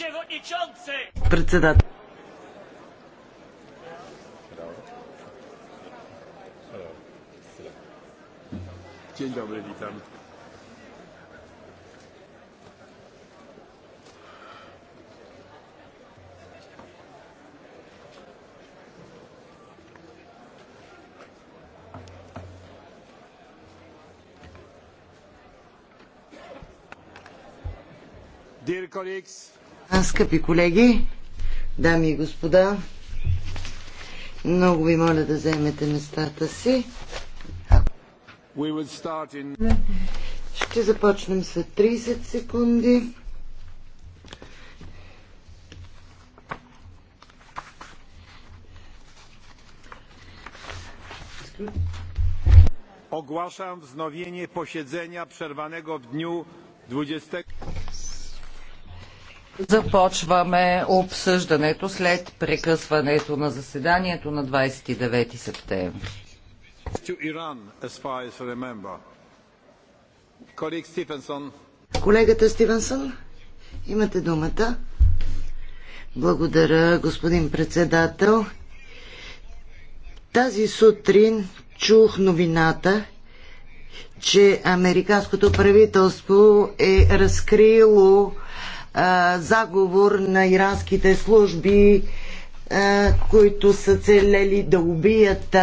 przewodniczący! Председател. Dzień dobry, witam. Dear colleagues, Скъпи колеги, дами и господа, много ви моля да вземете местата си. Ще започнем след 30 секунди. Ogłaszam взновение поседения, przerwanego в дню 20. Започваме обсъждането след прекъсването на заседанието на 29 септември. Колегата Стивенсън, имате думата. Благодаря, господин председател. Тази сутрин чух новината, че американското правителство е разкрило заговор на иранските служби, които са целели да убият